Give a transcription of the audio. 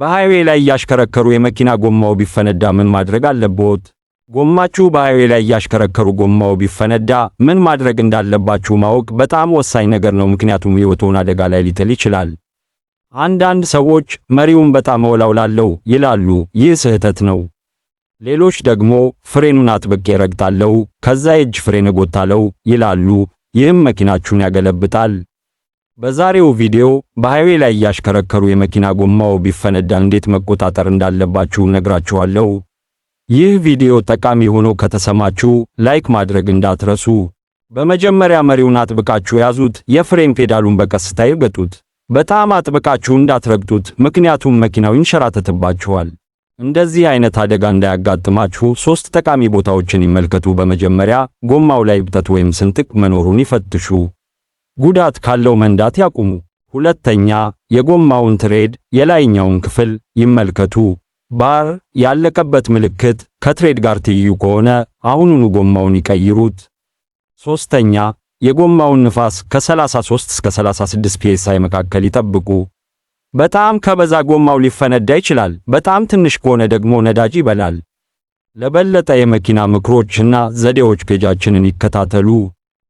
በሃይዌ ላይ እያሽከረከሩ የመኪና ጎማው ቢፈነዳ ምን ማድረግ አለበት ጎማችሁ በሃይዌ ላይ እያሽከረከሩ ጎማው ቢፈነዳ ምን ማድረግ እንዳለባችሁ ማወቅ በጣም ወሳኝ ነገር ነው። ምክንያቱም ሕይወቶን አደጋ ላይ ሊጥል ይችላል። አንዳንድ ሰዎች መሪውን በጣም እወላውላለሁ ይላሉ። ይህ ስህተት ነው። ሌሎች ደግሞ ፍሬኑን አጥብቄ ረግጣለሁ፣ ከዛ የእጅ ፍሬን እጎታለሁ ይላሉ። ይህም መኪናችሁን ያገለብጣል። በዛሬው ቪዲዮ በሃይዌ ላይ እያሽከረከሩ የመኪና ጎማው ቢፈነዳ እንዴት መቆጣጠር እንዳለባችሁ ነግራችኋለሁ። ይህ ቪዲዮ ጠቃሚ ሆኖ ከተሰማችሁ ላይክ ማድረግ እንዳትረሱ። በመጀመሪያ መሪውን አጥብቃችሁ ያዙት። የፍሬም ፔዳሉን በቀስታ ይገጡት። በጣም አጥብቃችሁ እንዳትረግጡት፣ ምክንያቱም መኪናው ይንሸራተትባችኋል። እንደዚህ አይነት አደጋ እንዳያጋጥማችሁ ሶስት ጠቃሚ ቦታዎችን ይመልከቱ። በመጀመሪያ ጎማው ላይ እብጠት ወይም ስንጥቅ መኖሩን ይፈትሹ። ጉዳት ካለው መንዳት ያቁሙ። ሁለተኛ፣ የጎማውን ትሬድ የላይኛውን ክፍል ይመልከቱ። ባር ያለቀበት ምልክት ከትሬድ ጋር ትይዩ ከሆነ አሁኑኑ ጎማውን ይቀይሩት። ሶስተኛ፣ የጎማውን ንፋስ ከ33 እስከ 36 ፒኤስአይ መካከል ይጠብቁ። በጣም ከበዛ ጎማው ሊፈነዳ ይችላል። በጣም ትንሽ ከሆነ ደግሞ ነዳጅ ይበላል። ለበለጠ የመኪና ምክሮች እና ዘዴዎች ፔጃችንን ይከታተሉ።